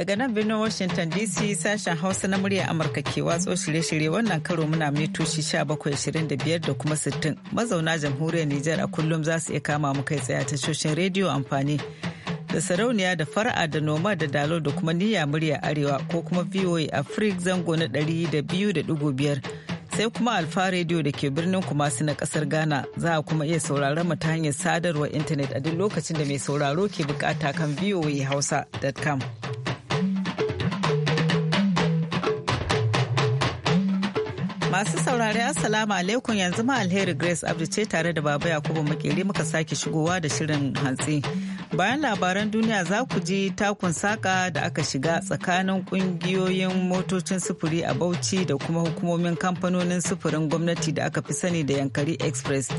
Daga nan birnin Washington DC sashen Hausa na murya Amurka ke watso shirye-shirye wannan karo muna mitoci 1725 da kuma sittin Mazauna jamhuriyar Nijar a kullum za su iya kama mu kai tsaye tashoshin rediyo amfani da sarauniya da fara'a da noma da dalo da kuma niyya murya arewa ko kuma VOA Africa zango na ɗari da da biyu biyar sai kuma alfa rediyo da ke birnin kumasi na kasar ghana za a kuma iya sauraron mu ta hanyar sadarwar intanet a duk lokacin da mai sauraro ke bukata kan voa hausa.com. Masu saurari Assalamu alaikum yanzu ma alheri Grace Abdu ce tare da Baba Yakubu Makeri muka sake shigowa da shirin hantsi. Bayan labaran duniya za ku ji takun saka da aka shiga tsakanin kungiyoyin motocin sufuri a Bauchi da kuma hukumomin kamfanonin sufurin gwamnati da aka fi sani da Yankari Express.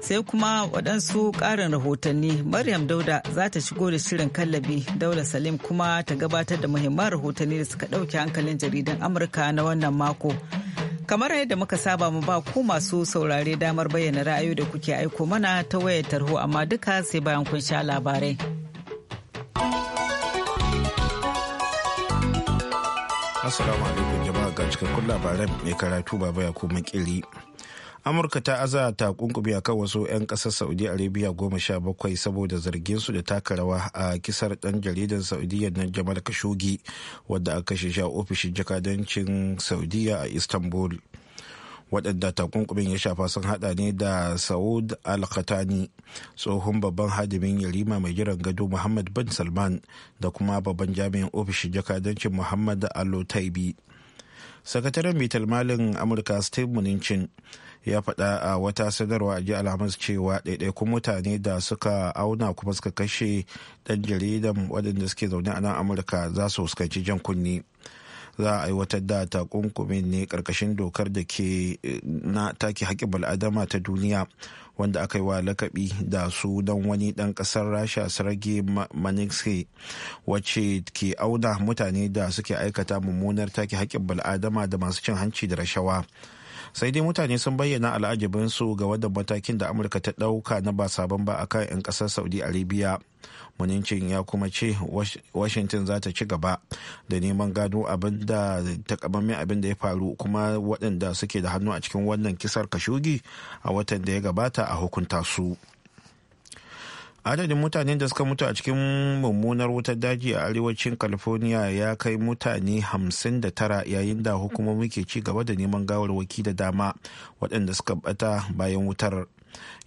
Sai kuma waɗansu ƙarin rahotanni Maryam Dauda za ta shigo da shirin kallabi Daula Salim kuma ta gabatar da muhimman rahotanni da suka ɗauke hankalin jaridan Amurka na wannan mako. Kamar yadda muka saba mu ba ku masu saurare damar bayyana ra'ayi da kuke aiko mana ta wayar tarho amma duka sai bayan kun sha labarai. Assalamu alaikum jama'a ga cikakkun labaran mai karatu baba ya kuma kiri. amurka ta aza ta kunkumi a kan wasu 'yan kasar saudi arabia goma sha bakwai saboda zargin su da taka rawa a kisar dan jaridar saudiya na jamal kashogi wadda aka kashe sha ofishin jakadancin saudiya a istanbul waɗanda takunkumin ya shafa sun hada ne da saud al-khatani tsohon babban hadimin yarima mai jiran gado muhammad bin salman da kuma babban jami'in ofishin jakadancin muhammad al-taibi sakataren bitar malin amurka steve mnuchin ya faɗa a wata sadarwa a jiya alhamis cewa ɗaiɗaikun mutane da suka auna kuma suka kashe ɗan jaridan waɗanda suke zaune a nan amurka za su fuskanci jan kunni za a aiwatar da takunkumin ne ƙarƙashin dokar da ke eh, na take haƙƙin bal'adama ta duniya wanda aka yi wa lakabi da su don wani dan kasar rasha sarage manisky wacce ke auna mutane da suke aikata mummunar take haƙƙin bal'adama da masu cin hanci da rashawa sai dai mutane sun bayyana al'ajibinsu ga wadda matakin da amurka ta ɗauka na ba sabon ba a kan 'yan ƙasar saudi arabia munincin ya kuma ce washington za ta ci gaba da neman gano abin da takamammen abin da ya faru kuma waɗanda suke da hannu a cikin wannan kisar kashugi a watan da ya gabata a hukunta su. adadin mutanen da suka mutu a cikin mummunar wutar daji a arewacin california ya kai mutane 59 yayin da hukumomi ke ci gaba da neman gawarwaki da dama waɗanda suka bata bayan wutar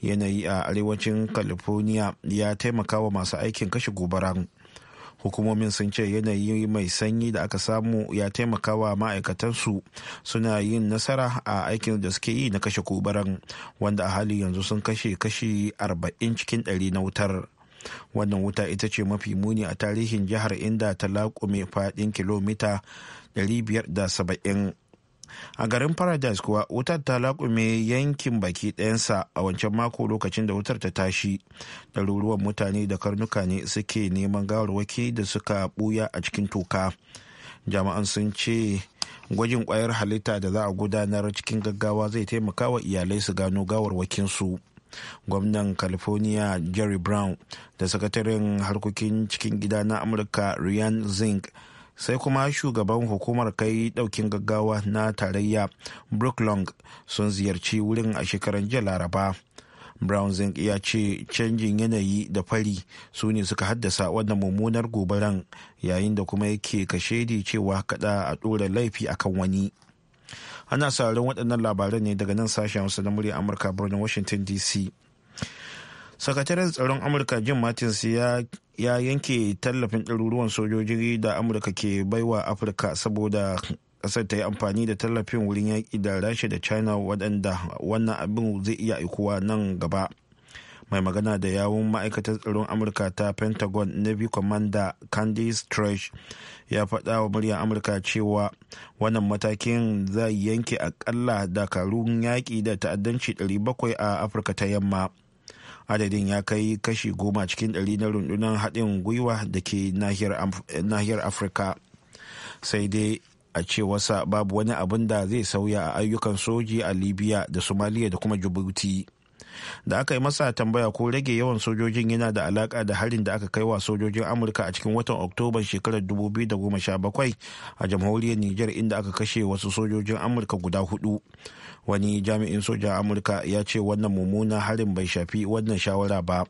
yanayi a arewacin california ya taimaka wa masu aikin kashe gobara. hukumomin sun ce yanayi mai sanyi da aka samu ya taimaka wa ma'aikatansu suna yin nasara a aikin da suke yi na kashe kubaran wanda a hali yanzu sun kashe kashi 40 cikin 100 na wutar wannan wuta ita ce mafi muni a tarihin jihar inda ta laƙume faɗin kilomita 570 a garin paradise kuwa wutar ta laƙume yankin baki ɗayansa a wancan mako lokacin da wutar ta tashi ɗaruruwan mutane da karnuka ne suke neman gawarwaki da suka ɓuya a cikin toka jama'an sun ce gwajin kwayar halitta da za a gudanar cikin gaggawa zai taimaka wa iyalai su gano gawarwakinsu gwamnan california jerry brown da sakataren harkokin cikin gida na amurka ryan zink sai kuma shugaban hukumar kai daukin gaggawa na tarayya brook long sun ziyarci wurin a shekaran jiya laraba brown zink ya ce canjin yanayi da fari su ne suka haddasa wannan mummunar gobaran yayin da kuma yake kashe kashedi cewa kada a ɗora laifi akan wani ana sauraron waɗannan labaran ne daga nan sashen wasu na murya amurka birnin washington dc sakataren tsaron amurka jim martins ya ya yanke tallafin ɗaruruwan sojoji da amurka ke baiwa afirka saboda ƙasar ta yi amfani da tallafin wurin yaƙi da rasha da china waɗanda wannan abin zai iya aikuwa nan gaba mai magana da yawun ma'aikatar tsaron amurka ta pentagon navy commander candice trash ya faɗa wa muryar amurka cewa wannan matakin zai yanke akalla dakarun yaƙi da ta'addanci 700 a afirka ta yamma adadin ya kai kashi goma cikin ɗari na rundunar haɗin gwiwa da ke nahiyar afirka sai dai a ce wasa babu wani abin da zai sauya a ayyukan soji a libya da somaliya da kuma djibouti da aka yi masa tambaya ko rage yawan sojojin yana da alaka da harin da aka kai wa sojojin amurka a cikin watan oktoba shekarar 2017 a jamhuriyar niger inda aka kashe wasu sojojin amurka guda hudu wani jami'in sojan amurka ya ce wannan mummunan harin bai shafi wannan shawara ba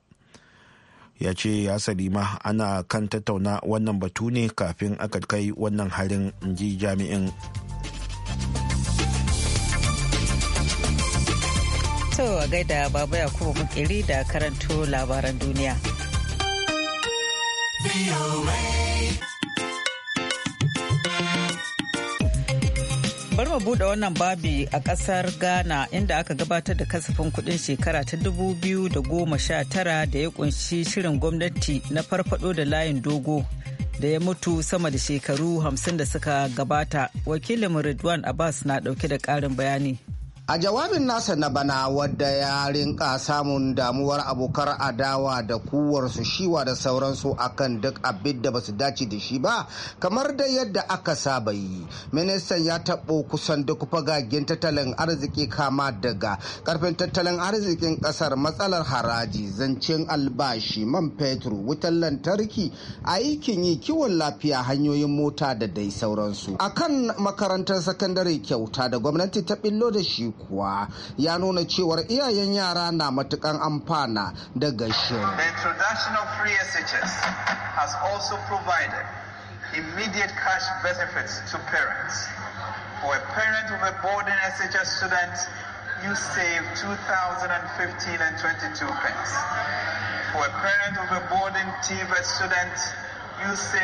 ya ce ya salima ana kan tattauna wannan batu ne kafin aka kai wannan harin ji jami'in to a gaida baba yakubu makeri da karanto labaran duniya Bari mu buɗe wannan babi a ƙasar Ghana inda aka gabatar da kasafin kuɗin shekara ta 2019 da ya kunshi shirin gwamnati na farfado da layin dogo da ya mutu sama da shekaru 50 da suka gabata. Wakilin Ridwan Abbas na ɗauke da ƙarin bayani. A jawabin nasa na bana wadda ya rinka samun damuwar abokar adawa da kuwarsu shiwa da sauransu akan duk abin da basu dace da shi ba kamar da yadda aka saba yi. Ministan ya taɓo kusan duk fagagen tattalin arziki kama daga karfin tattalin arzikin ƙasar matsalar haraji zancen albashi man fetur wutar lantarki aikin yi kiwon lafiya hanyoyin mota da dai sauransu. Akan makarantar sakandare kyauta da gwamnati ta billo da shi kuwa ya nuna cewar iyayen yara na matukan amfana daga The introduction of free SHS has also provided immediate cash benefits to parents. For a parent of a boarding SHS student, you save 2015 and 22 pence. For a parent of a boarding TVET student, ya ce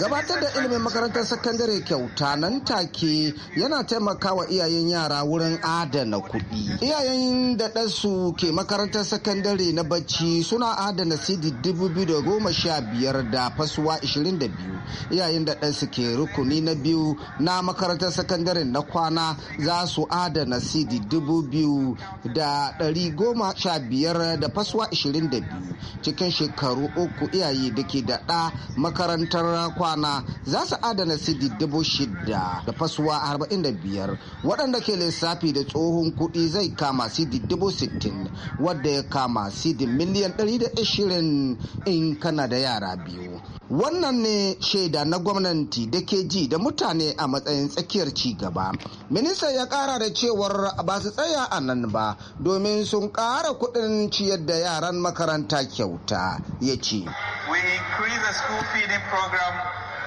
gabatar da ilimin makarantar sakandare kyauta nan take yana taimakawa iyayen yara wurin adana kuɗi iyayen da ɗansu ke makarantar sakandare na bacci suna adana sidi dubu biyu da goma sha biyar da fasuwa ishirin da biyu. iyayen da ɗansu ke rukuni na biyu na makarantar sakandare na kwana za su adana sidi dubu biyu da ɗari goma sha biyar da fasuwa ishirin da biyu cikin shekaru uku uku iyaye da ke da ɗa makarantar kwana za su adana sidi dubu shida da fasuwa arba'in da biyar waɗanda ke lissafi da tsohon kuɗi zai kama sidi dubu sittin wadda ya kama sidi miliyan ɗari da ashirin in kana da yara biyu wannan ne shaida na gwamnati da ke ji da mutane a matsayin tsakiyar ci gaba minista ya kara da cewar ba su tsaya a nan ba domin sun kara kudin ciyar da yaran makaranta kyauta ya ce we increase the school feeding program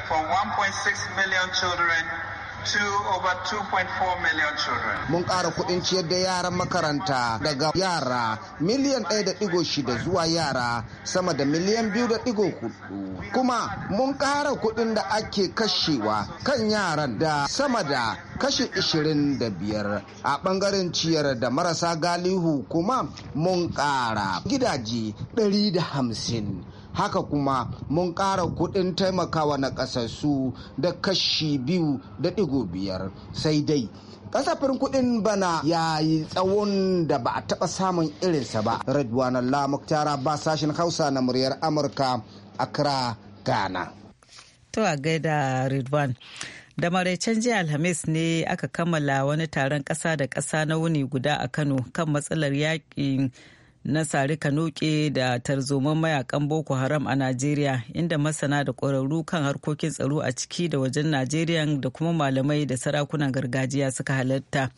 for 1.6 million children Mun ƙara kuɗin ciyar da yaran makaranta daga yara miliyan ɗaya da shida zuwa yara sama da miliyan biyu da hudu. Kuma mun ƙara kuɗin da ake kashewa kan yaran da sama da kashi biyar a ɓangaren ciyar da marasa galihu kuma mun ƙara gidaje ɗari da hamsin. haka kuma mun ƙara kuɗin taimakawa na ƙasassu da kashi biyu da ɗigo biyar sai dai kasafin kuɗin bana ya yi tsawon da ba a taɓa samun irinsa ba redwan allah muktara ba sashen hausa na muryar amurka accra ghana to a gaida redwan da maraicen jiya alhamis ne aka kammala wani taron ƙasa da ƙasa na wuni guda a kano kan matsalar yakin na sari kanoke da tarzoman mayakan boko haram a najeriya inda masana da ƙwararru kan harkokin tsaro a ciki da wajen najeriya da kuma malamai da sarakunan gargajiya suka halatta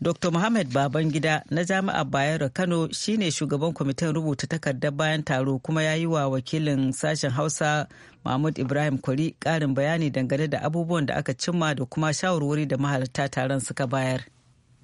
dr muhammad babangida na Jami'a bayero kano shine shugaban kwamitin rubuta takardar bayan taro kuma ya yi wa wakilin sashen hausa mahmud ibrahim kwari ƙarin bayani dangane da abubuwan da aka cimma da kuma shawarwari da mahalarta taron suka bayar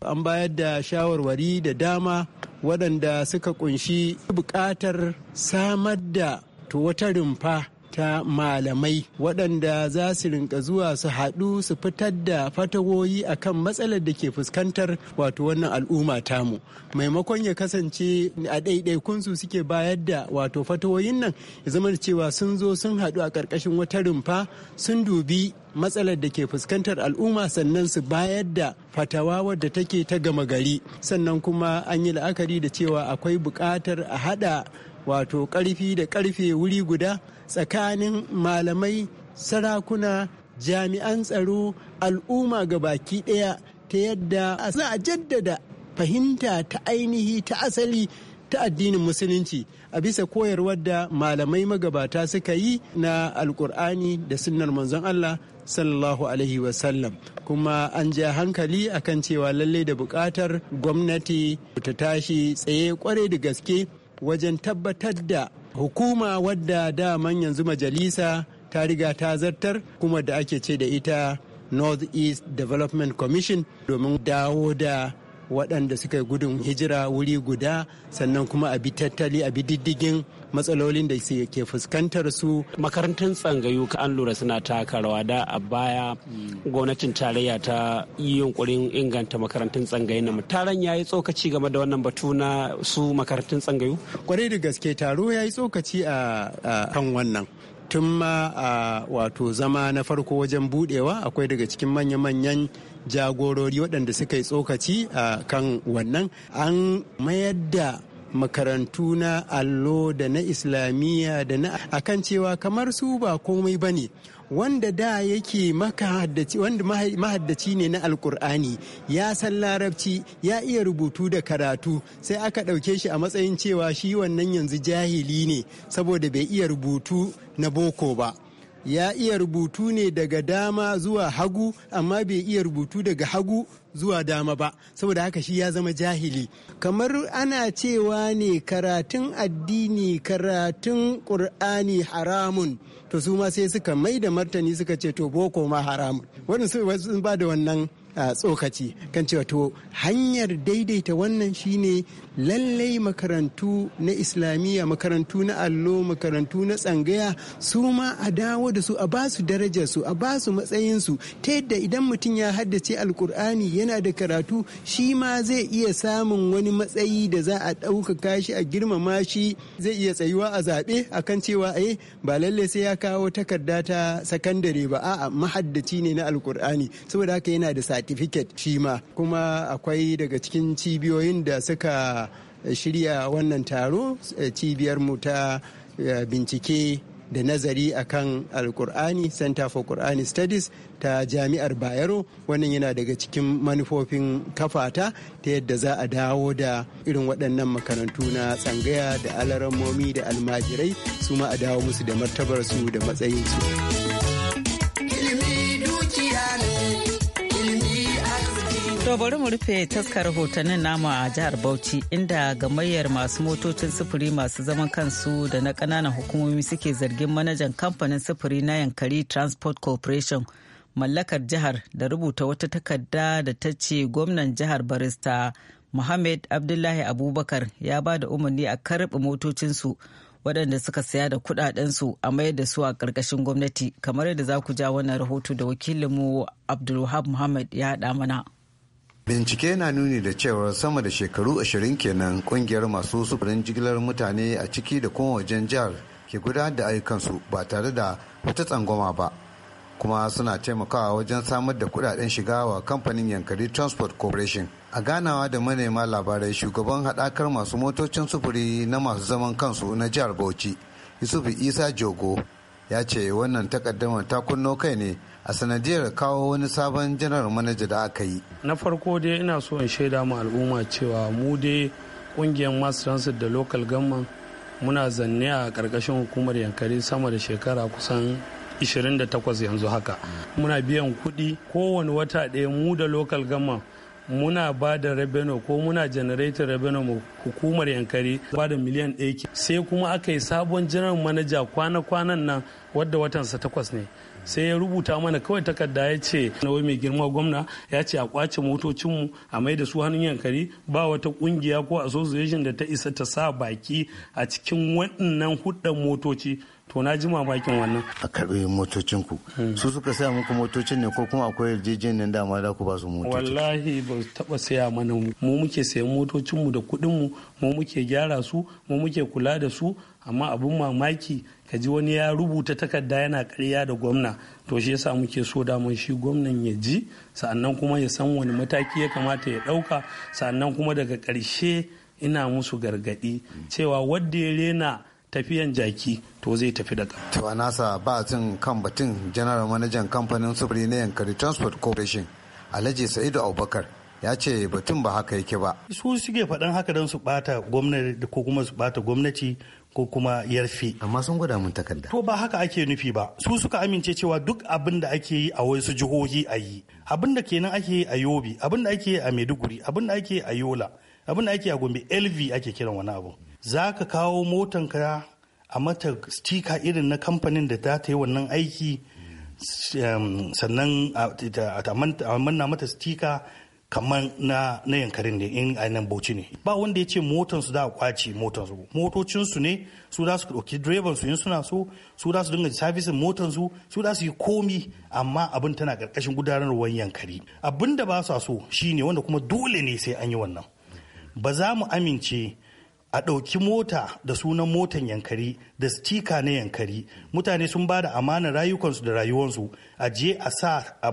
an bayar da shawarwari da dama waɗanda suka kunshi buƙatar samar da wata rumfa ta malamai waɗanda za su rinka zuwa su haɗu su fitar da fatawoyi a kan matsalar da ke fuskantar wato wannan al'umma tamu maimakon ya kasance a ɗaiɗaikunsu su suke bayar da wato fatawoyin nan ya zama da cewa sun zo sun haɗu a ƙarƙashin wata rumfa sun dubi matsalar da ke fuskantar al'umma sannan su bayar da fatawa wadda take ta gama gari sannan kuma an yi la'akari da cewa akwai buƙatar a haɗa wato ƙarfi da ƙarfe wuri guda tsakanin malamai sarakuna jami'an tsaro al'umma ga baki ɗaya ta yadda za a jaddada fahimta ta ainihi ta asali ta addinin musulunci a bisa koyarwar da malamai magabata suka yi na alkur'ani da sunnar manzon Allah sallallahu alaihi wasallam kuma an ja hankali akan cewa lalle da buƙatar gwamnati ta tashi tsaye kwarai da gaske wajen tabbatar da hukuma wadda daman yanzu majalisa ta riga ta zartar kuma da ake ce da ita north east development commission domin dawo da waɗanda suka yi gudun hijira wuri guda sannan kuma a bi tattali a bi diddigin matsalolin da ke fuskantar su makarantun tsangayu ka an lura suna taka rawa da a baya gwamnatin tarayya ta yi yunkurin inganta makarantun tsangayu na taron ya yi tsokaci game da wannan batu na su makarantun tsangayu kwarai da gaske taro ya yi tsokaci a kan wannan tun ma a wato zama na farko wajen budewa akwai daga cikin manya-manyan jagorori waɗanda suka yi tsokaci a kan wannan an mayar da makarantu na allo da na islamiyya da na a kan cewa kamar su ba komai ba ne wanda da yake mahaddaci ne na alkur'ani ya san larabci ya iya rubutu da karatu sai aka ɗauke shi a matsayin cewa shi wannan yanzu jahili ne saboda bai iya rubutu na boko ba ya iya rubutu ne daga dama zuwa hagu amma bai iya rubutu daga hagu zuwa dama ba saboda haka shi ya zama jahili kamar ana cewa ne karatun addini karatun ƙur'ani haramun to su ma sai suka mai da martani suka ce to boko ma haramun ba da wannan tsokaci kan cewa to hanyar daidaita wannan shine lallai makarantu na islamiyya makarantu na allo makarantu na tsangaya su ma a dawo da su a ba su darajar su a ba su matsayin su ta yadda idan mutum ya haddace alkur'ani yana da karatu shi ma zai iya samun wani matsayi da za a ɗaukaka shi a girmama shi zai iya tsayuwa a zaɓe akan cewa eh ba lallai sai ya kawo takarda ta sakandare ba a'a mahaddaci ne na alkur'ani saboda haka yana da certificate shi ma kuma akwai daga cikin cibiyoyin da suka eh, shirya wannan taro eh, cibiyarmu ta eh, bincike da nazari akan alkur'ani center for qur'ani studies ta jami'ar bayero wannan yana daga cikin manufofin kafata ta yadda za a dawo da irin waɗannan makarantu na tsangaya da alarammomi da almajirai su ma a dawo musu da martabarsu da matsayinsu. To bari mu rufe taskar hotonin nama a jihar Bauchi inda gamayyar masu motocin sufuri masu zaman kansu da na kananan hukumomi suke zargin manajan kamfanin sufuri na Yankari Transport Corporation mallakar jihar da rubuta wata takarda da ta ce gwamnan jihar Barista Muhammad Abdullahi Abubakar ya ba da umarni a karɓe motocinsu waɗanda suka saya da kuɗaɗensu a mayar da su a ƙarƙashin gwamnati kamar yadda za ku ja wannan rahoto da wakilinmu Abdulwahab Muhammad ya haɗa mana. bincike na nuni da cewar sama da shekaru ashirin kenan kungiyar masu sufurin jigilar mutane a ciki da kuma wajen jihar ke gudanar da ayyukansu ba tare da wata tsangwama ba kuma suna taimakawa wajen samar da kudaden shiga wa kamfanin yankari transport corporation a ganawa da manema labarai shugaban haɗakar masu motocin sufuri na masu zaman kansu na jihar bauchi yusuf isa jogo ya ce wannan takaddamar ta kunno kai ne a sanadiyar kawo wani sabon janar manaja da aka yi na farko dai ina so in shaida mu al'umma cewa mu dai kungiyar mass transit da local government muna zanne a ƙarƙashin hukumar yankari sama da shekara kusan 28 yanzu haka muna biyan kuɗi kowane wata ɗaya mu da local government muna ba da rabeno ko muna generator rabeno mu hukumar yankari ba da miliyan ɗaya sai kuma aka yi sabon general manager kwana-kwanan nan wadda watansa takwas ne sai ya rubuta mana kawai takarda ya ce na wai mai girma gwamna ya ce a kwace motocinmu a mai da su hannun yankari ba wata kungiya ko association da ta isa ta sa baki a cikin waɗannan hudan motoci to na ji mamakin wannan a karbi motocin ku hmm. su suka saya muku motocin ne ko kuma akwai yarjejeniyar dama da ku ba su motocin wallahi ba su taba saya mana mu muke sayan motocin mu da kuɗin mu mu muke gyara su mu muke kula da su amma abun mamaki ka ji wani ya rubuta takarda yana karya da gwamna to shi yasa muke so da mun shi gwamnan ya ji sa'annan kuma ya san wani mataki ya kamata ya ɗauka sa'annan kuma daga karshe ina musu gargadi hmm. cewa wadda ya rena tafiyan jaki to zai tafi da ƙasa. nasa ba jin kan batun general manager kamfanin sufuri na yankari transport corporation alhaji sa'idu abubakar ya ce batun ba haka yake ba su suke faɗan haka don su bata gwamnati ko kuma su bata gwamnati ko kuma yarfe amma sun gwada mun takarda to ba haka ake nufi ba su suka amince cewa duk abin da ake yi a wasu jihohi a yi abin da kenan ake yi a yobe abin da ake yi a maiduguri abin da ake yi a yola abin da ake yi a gombe lv ake kiran wani abu za ka kawo ka a mata stika irin na kamfanin da ta yi wannan aiki sannan a manna mata stika kamar na na yankarin ne in a nan bauchi ne ba wanda ya ce motansu da kwace motansu motocinsu ne su za su ɗauki direban su in suna so su za su dinga sabisin motansu su za su yi komi amma abin tana ƙarƙashin gudanarwar yankari abin da ba sa so shine wanda kuma dole ne sai an yi wannan ba za mu amince a ɗauki mota da sunan motan yankari da stika na yankari mutane sun ba da amana rayukansu da rayuwansu a je a sa a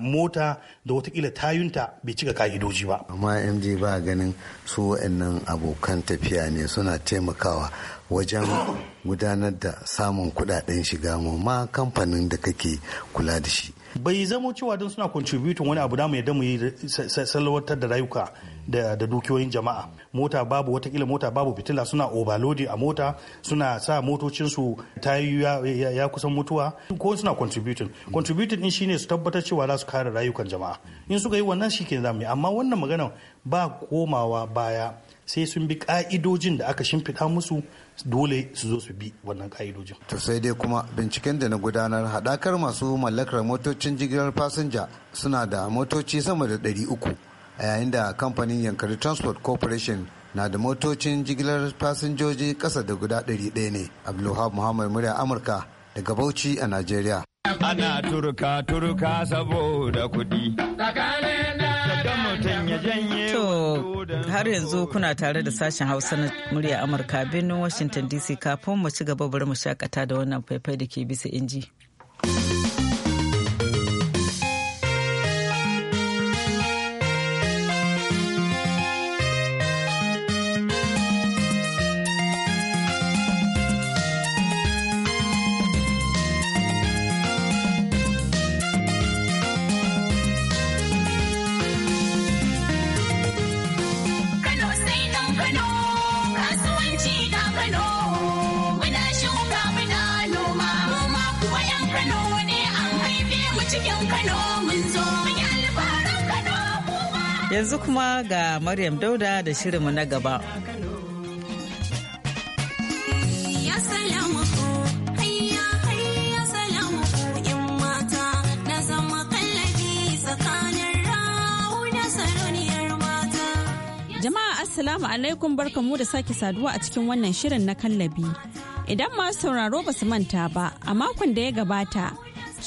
mota da watakila tayunta bai cika ka'idoji ba amma md ba ganin su wa'annan abokan tafiya ne suna taimakawa wajen gudanar da samun kudaden shiga ma kamfanin da kake kula da shi bai zama cewa don suna contributing wani abu da mu yadda mu yi salwantar da rayuka da dukiyoyin jama'a mota babu watakila mota babu fitila suna overloading a mota suna sa motocinsu ta yi ya kusan mutuwa ko suna contributing contributing din shine su tabbatar cewa za su kare rayukan jama'a in suka yi wannan shi ke zamu amma wannan magana ba komawa baya sai sun bi ka'idojin da aka shimfiɗa musu dole su zo su bi wannan ka'idojin. To sai dai kuma binciken da na gudanar haɗakar masu mallakar motocin jigilar fasinja suna da motoci sama da ɗari uku. a yayin da kamfanin yankari transport corporation na da motocin jigilar fasinjoji kasa da guda 100 ne abdulhab muhammad murya amurka daga bauchi a najeriya ana turka turka saboda kuɗi To har yanzu kuna tare da sashen hausa na murya amurka birnin washington dc kafin mu ci gaba bari mu shakata da wannan faifai da ke bisa inji. ga Maryam Dauda da shirinmu na gaba. Jama'a Assalamu alaikum barkamu da sake saduwa a cikin wannan shirin na kallabi. Idan masu sauraro ba su manta ba, a makon da ya gabata,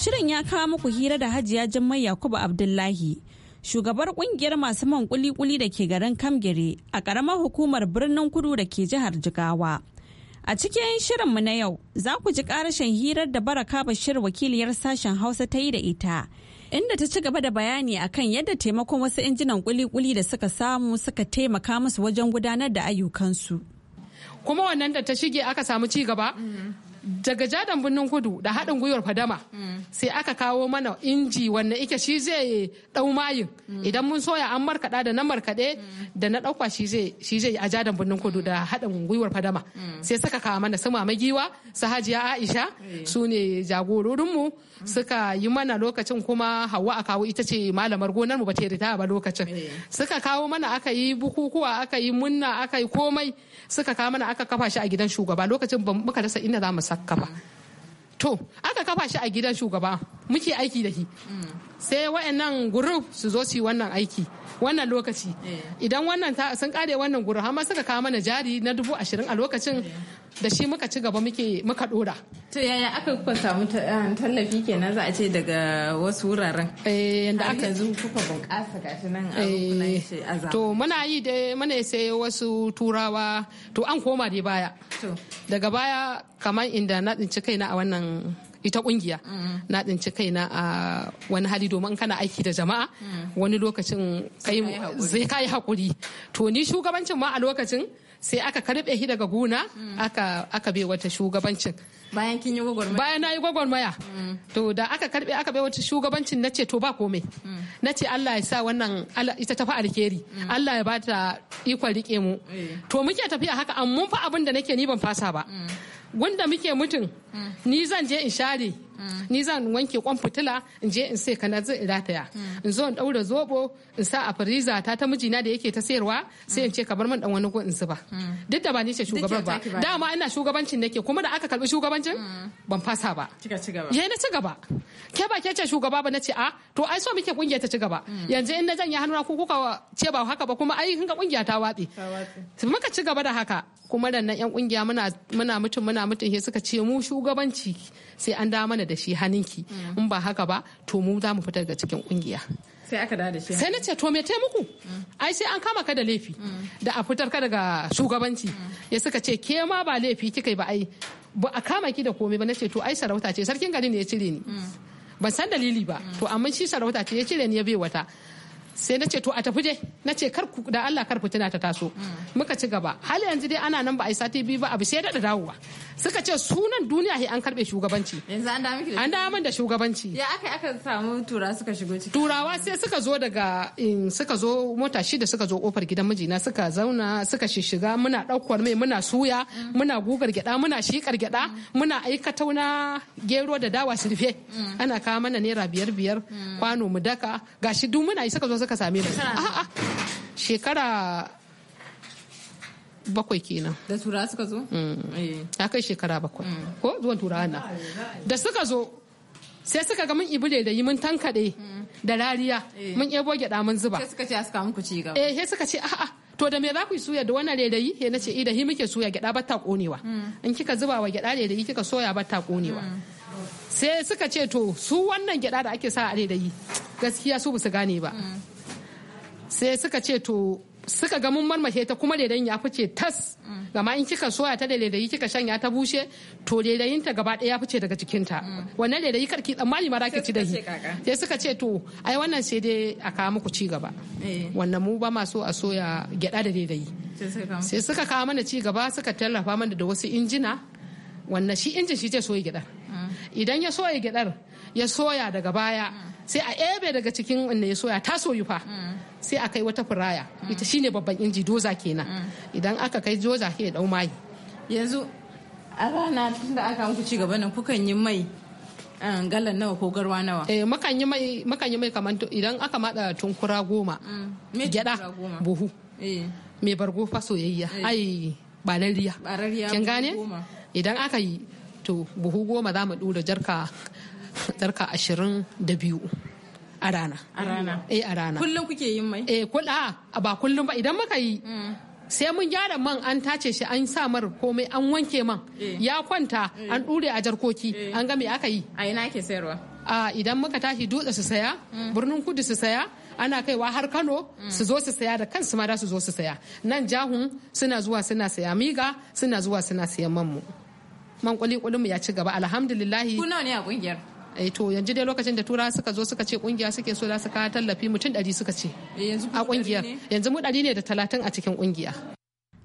shirin ya kawo muku hira da hajiya Jummai Yakubu Abdullahi shugabar kungiyar masu man kuli-kuli da ke garin kamgire a karamar hukumar birnin kudu da ke jihar jigawa a cikin shirinmu na yau za ku ji karashin hirar da baraka bashir wakiliyar sashen hausa ta yi da ita inda ta ci gaba da bayani akan yadda taimakon wasu injinan kuli-kuli da suka samu suka taimaka musu wajen gudanar da ayyukansu kuma wannan da ta shige aka samu ci gaba daga jadan birnin kudu da haɗin gwiwar fadama mm. sai aka kawo mana inji wanda ike shi zai ɗau mayin mm. idan mun soya an markaɗa da na markaɗe mm. da na ɗauka shi zai a jadan birnin kudu da haɗin gwiwar fadama sai suka kawo mana su mama giwa su hajiya aisha eh. su ne jagororinmu suka yi mana lokacin kuma hawa a kawo ita ce malamar gonar mu ba ta rita ba lokacin eh. suka kawo mana aka yi bukukuwa aka yi munna aka yi komai suka kawo mana aka kafa shi a gidan shugaba lokacin muka rasa inda za mu aka kafa to aka kafa shi a gidan shugaba muke aiki da shi mm. sai waɗannan guruf su zo su yi wannan aiki wannan lokaci eh. idan wannan sun kare wannan guru har suka kawo mana jari na dubu ashirin a lokacin eh. da shi muka ci gaba muke muka dora to yaya aka kuka samu ah, tallafi kenan za a ce daga wasu wuraren eh, yanda aka zo kuka bunƙasa gashi nan a to muna yi dai muna sai wasu turawa to an koma dai baya daga baya kamar inda na tsinci kaina a wannan ita kungiya na tsinci kaina a wani hali domin kana aiki da jama'a wani lokacin kai zai kai hakuri to ni shugabancin ma a lokacin sai aka karbe shi daga gona aka aka bai wata shugabancin bayan kin yi gwagwarmaya bayan na yi gwagwarmaya to da aka karbe aka bai wata shugabancin na ce to ba komai na ce Allah ya sa wannan ita tafi alkeri Allah ya bata ikon rike mu eh. to muke tafiya haka amma mun fa abin da nake ni ban fasa ba wanda muke mutum mm. ni zan je in share ni zan wanke kwan fitila in je in sai kana zai rataya in zo in daura zobo in sa a fariza ta ta mijina da yake ta sayarwa sai in ce ka bar min dan wani gun in zuba duk da ba ni ce shugaban ba dama ina shugabancin nake kuma da aka karbi shugabancin ban fasa ba Ya na ci gaba ke ba ke ce shugaba ba nace a ah, to ai so muke kungiya ta ci gaba yanzu in na janye hannuna ku kuka ce ba haka ba kuma ai kin ga kungiya ta watsi muka ci gaba da haka kuma nan yan kungiya muna muna mutum muna mutum he suka ce mu shugabanci sai an dawo mana da shi haninki mm. in ba haka ba to mu za mu fita daga cikin kungiya sai aka da shi sai na ce to me tai muku mm. ai sai an kama ka da laifi mm. da a fitar ka daga shugabanci ya suka ce ke ma ba laifi kika ba ai ba a kama ki da komai ba nace to ai sarauta ce sarkin gari ne ya cire ni ban san dalili ba to amma shi sarauta ce ya cire ni ya bai wata sai na ce to a tafi je na ce kar da Allah kar fitina ta taso mm. muka ci gaba hal yanzu dai ana nan ba a yi sati biyu ba abu sai da dawowa suka ce sunan duniya he an karbe shugabanci yanzu an da miki an da da shugabanci ya aka aka samu tura suka shigo ciki turawa sai suka zo daga suka zo mota shida suka zo kofar gidan mijina suka zauna suka shishiga muna daukar mai muna suya mm. muna gugar gyada muna shikar gyada mm. muna aikatau na gero da dawa sirfe ana kawo mana naira biyar biyar kwano mu daka gashi duk muna yi suka zo suka same ni shekara bakwai kenan da turawa suka zo ta mm. eh. kai shekara bakwai mm. ko zuwan turawa na da suka zo sai suka ga mun ibule da yi mun tankaɗe mm. da rariya eh. mun ebo gyaɗa mun zuba sai suka ce suka muku ci gaba eh sai suka ce a'a to da me za ku suya da wannan redayi he nace i eh, da hi muke suya gyaɗa ta konewa in kika zuba wa gyaɗa redayi kika soya ba ta konewa sai suka ce to su wannan gyaɗa da ake sa a redayi gaskiya su basu gane ba sai suka ce to suka ga mun marmashe ta kuma ledayin ya fice tas gama in kika soya ta da ledayi kika shanya ta bushe to ledayin ta gaba daya ya fice daga cikin ta wannan ledayi karki tsammani ma ki ci shi sai suka ce to ai wannan sai dai a kawo muku ci gaba eh. wannan mu ba ma so a soya gyada da ledayi sai suka kawo mana ci gaba suka tallafa mana da wasu injina wannan shi injin shi ce soya gyadar mm. idan ya soya gyadar ya soya daga baya mm. sai a ebe daga cikin inda ya soya ta soyu fa mm. sai a kai wata firaya mm. ita shine babban inji doza kenan mm. idan aka kai doza ke dau mai yanzu a rana tunda aka muku ci gaba nan kukan yi mai eh, galan nawa ko garwa nawa eh makan yi mai makan yi mai kamar idan aka mada tunkura goma mm. gyada buhu eh. mai bargo fa soyayya eh. ai balariya kin gane idan aka yi to buhu goma za mu dura jarka jarka ashirin da biyu a rana a rana eh a rana kullum kuke yin mai eh kul a ba kullum ba idan muka yi mm. sai mun gyara man an tace shi an sa mar komai an wanke man eh. ya kwanta eh. an dure a jarkoki eh. an ga me aka yi a ina ke sayarwa a idan muka tashi dutse su saya mm. birnin kudu su saya ana kaiwa har kano mm. su zo su saya da kansu ma da su zo su saya nan jahun suna zuwa suna saya miga suna zuwa suna sayan man mu man kuli mu ya ci gaba alhamdulillahi kuna ne a kungiyar eh to yanzu dai lokacin da turawa suka zo suka ce kungiya suke so za su kawo tallafi mutum ɗari suka ce eh, a kungiyar yanzu mu ɗari ne da talatin a cikin kungiya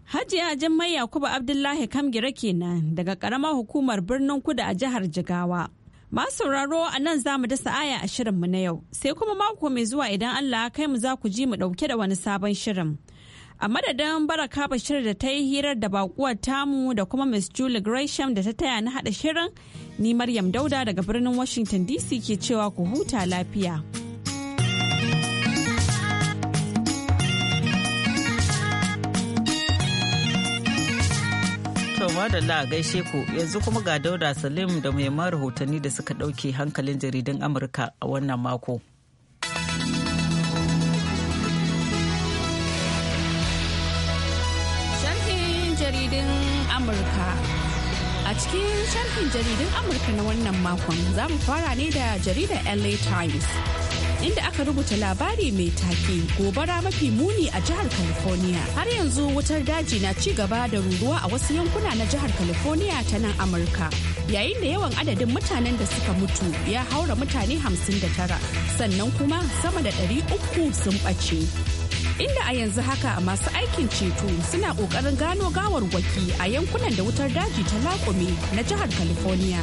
Hajiya jummai Yakubu Abdullahi Kamgira kenan daga karamar hukumar birnin Kudu a jihar Jigawa. Masu sauraro a nan za mu dasa aya a shirin mu na yau, sai kuma mako mai zuwa idan Allah kai mu za ku ji mu ɗauke da wani sabon shirin. a madadin baraka bashir da ta yi hirar da bakuwar tamu da kuma miss julie gresham da ta taya na hada shirin ni maryam dauda daga birnin washington dc ke cewa ku huta lafiya. madalla a gaishe ku yanzu kuma ga dauda salim da muhimman rahotanni da suka dauke hankalin jaridan amurka a wannan mako. Amurka. A cikin sharhin jaridun Amurka na wannan makon za mu fara ne da jaridar LA Times. Inda aka rubuta labari mai take gobara mafi muni a jihar California. Har yanzu wutar daji na ci gaba da ruruwa a wasu yankuna na jihar California ta nan Amurka. Yayin da yawan adadin mutanen da suka mutu ya haura mutane 59 sannan kuma sama da 300 sun ɓace. inda a yanzu haka masu aikin ceto suna kokarin gano gawarwaki a yankunan da wutar daji ta lakumi na jihar California.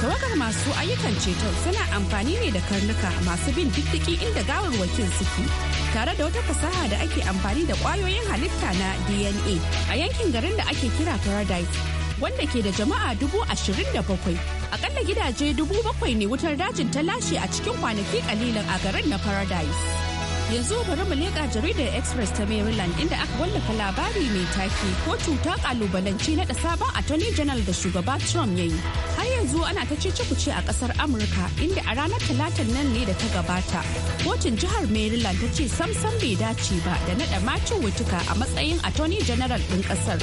Tawagar masu ayyukan ceto suna amfani ne da karnuka masu bin diddiki inda gawarwakin suke tare da wata fasaha da ake amfani da kwayoyin halitta na DNA a yankin garin da ake kira Paradise wanda ke da jama'a dubu ashirin da bakwai. Akalla gidaje dubu bakwai ne wutar dajin ta lashe a cikin kwanaki kalilan a garin na Paradise. Yanzu bari mu leƙa jaridar Express ta Maryland inda aka wallafa labari mai taki kotu ta kalubalanci na sabon Attorney General da shugaba Trump ya yi Har yanzu ana ta cece ce a ƙasar Amurka inda a ranar Talatan nan ne da ta gabata. Kotun jihar Maryland ta ce samsam bai dace ba da naɗa macin wutuka a matsayin Attorney General ɗin ƙasar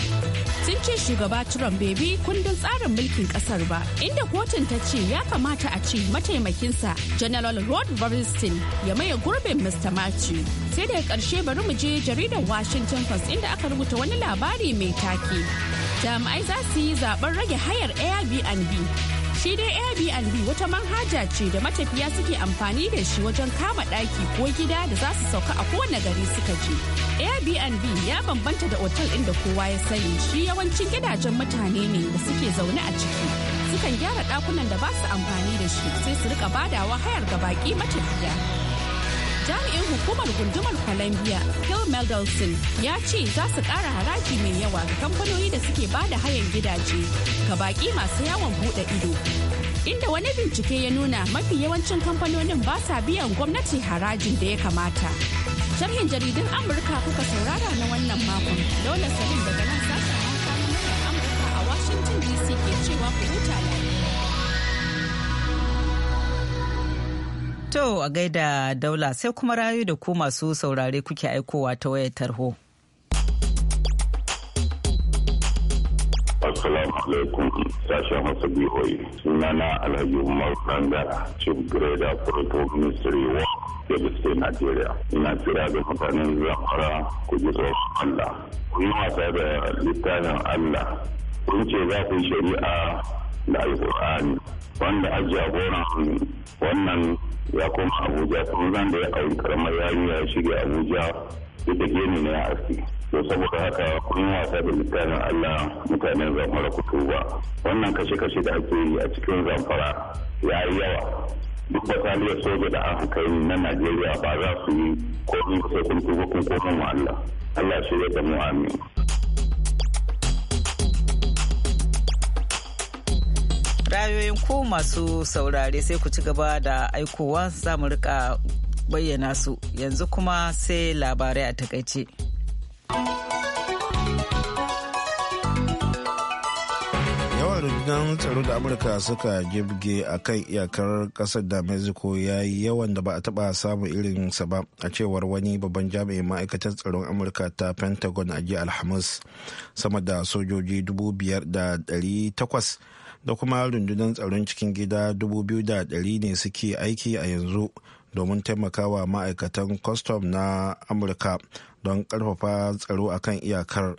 Sun ce shugaba Trump bai bi kundin tsarin mulkin ƙasar ba inda kotun ta ce ya kamata a ce mataimakinsa General Rod Burstein ya maye gurbin Mr. ce. Sai daga ƙarshe bari mu je jaridar Washington Post inda aka rubuta wani labari mai take. Jami'ai za su yi zaben rage hayar Airbnb. Shi dai Airbnb wata manhaja ce da matafiya suke amfani da shi wajen kama ɗaki ko gida da za su sauka a kowane gari suka je. Airbnb ya bambanta da otal ɗin da kowa ya sani shi yawancin gidajen mutane ne da suke zaune a ciki. sukan gyara ɗakunan da ba su amfani da shi sai su rika badawa hayar ga baƙi matafiya jami'in hukumar gundumar Colombia phil mendelson ya ce za su kara haraji mai yawa ga kamfanoni da suke ba da hayan gidaje ga baki masu yawon buɗe ido inda wani bincike ya nuna mafi yawancin kamfanonin ba sa biyan gwamnati harajin da ya kamata sharhin jaridun amurka kuka saurara na wannan makon dole salim daga nan sashen amurka a washington dc ke cewa ku huta lafiya To a gaida daula sai kuma rayu da ku masu saurare kuke aikowa ta wayar tarho. Assalamu alaikum sashen Hausa BOA. Sunana Alhaji Umar Dangara, Chief Grader Protocol Ministry of Kebbi State Nigeria. Ina kira ga mutanen zamfara ku ji tsoron Allah. Ku yi wasa da littafin Allah. Kun ce za ku shari'a da alkur'ani wanda a jagoran wannan ya koma abuja kuma zan da ya auri karamar yarinya ya shirya abuja duk da gene ne ya aski to saboda haka kun wasa da littafin allah mutanen zamfara kutu ba wannan kashe-kashe da ake yi a cikin zamfara ya yi yawa duk bataliyar soja da aka kai na najeriya ba za su yi ko sai kun tuba kun koma allah allah shi ya mu amin ra'ayoyin ko masu saurare sai ku ci gaba da aikowa za mu rika bayyana su yanzu kuma sai labarai a takaice. yawan rundunar tsaro da amurka suka jibge a kan iyakar kasar da mexico ya yi yawan da ba a taba samun irinsa ba a cewar wani babban jami'in ma'aikatar tsaron amurka ta pentagon a jiya alhamis sama da sojoji 5,800 da kuma rundunar tsaron cikin gida 2,100 ne suke aiki a yanzu domin taimakawa ma'aikatan kwastam na amurka don karfafa tsaro akan iyakar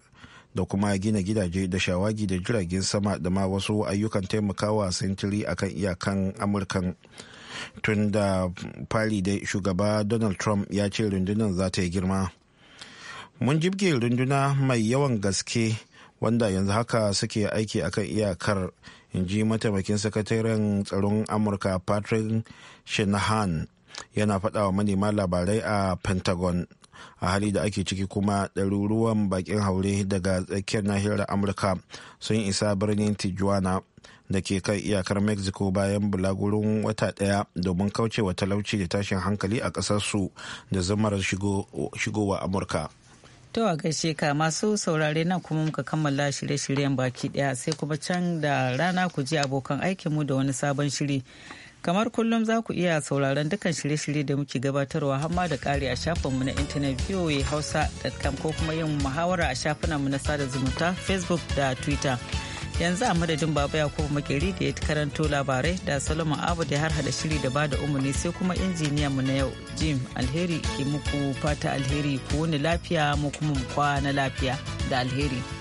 da kuma gina gidaje da shawagi da jiragen sama da ma wasu ayyukan taimakawa sintiri akan iyakan amurkan tun da fari da shugaba donald trump ya ce rundunar za ta yi girma mun jibge runduna mai yawan gaske wanda yanzu haka suke aiki akan iyakar in ji mataimakin sakataren tsaron amurka patrick shanahan yana faɗa wa manema labarai a pentagon a hali da ake ciki kuma ɗaruruwan bakin haure daga tsakiyar nahiyar amurka sun isa birnin tijuana da ke kan iyakar mexico bayan bulagurin wata ɗaya domin kauce wa talauci da tashin hankali a ƙasarsu da zamar shigowa amurka To a gaishe ka masu saurare nan kuma muka kammala shirye-shiryen baki daya sai kuma can da rana ku ji abokan mu da wani sabon shiri. Kamar kullum za ku iya sauraron dukkan shirye-shirye da muke gabatarwa hamma da kare a shafinmu na intanet voahausa.com ko kuma yin muhawara a shafinanmu na sada zumunta Facebook da Twitter. yanzu a madadin baba yakubu makeri da ya karanto labarai da solomon abu da har hada shiri da bada umarni sai kuma injiniya mu na yau jim alheri ke muku fata alheri ku wani lafiya mu kuma mu na lafiya da alheri.